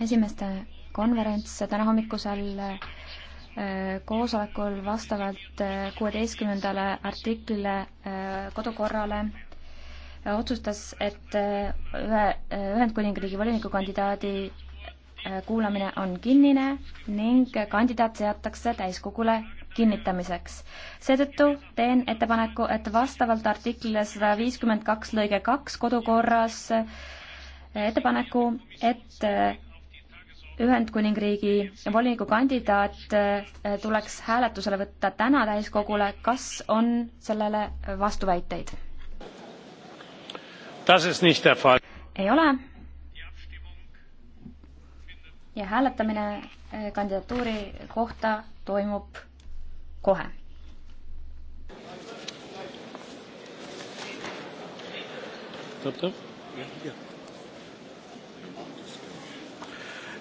esimeste konverents täna hommikusel äh, koosolekul vastavalt äh, kuueteistkümnendale artiklile äh, kodukorrale otsustas, et ühe Ühendkuningriigi volinikukandidaadi kuulamine on kinnine ning kandidaat seatakse täiskogule kinnitamiseks. seetõttu teen ettepaneku, et vastavalt artiklile sada viiskümmend kaks lõige kaks kodukorras ettepaneku, et äh, Ühendkuningriigi voliniku kandidaat äh, tuleks hääletusele võtta täna täiskogule, kas on sellele vastuväiteid? ei ole. ja hääletamine äh, kandidatuuri kohta toimub kohe. Thank you.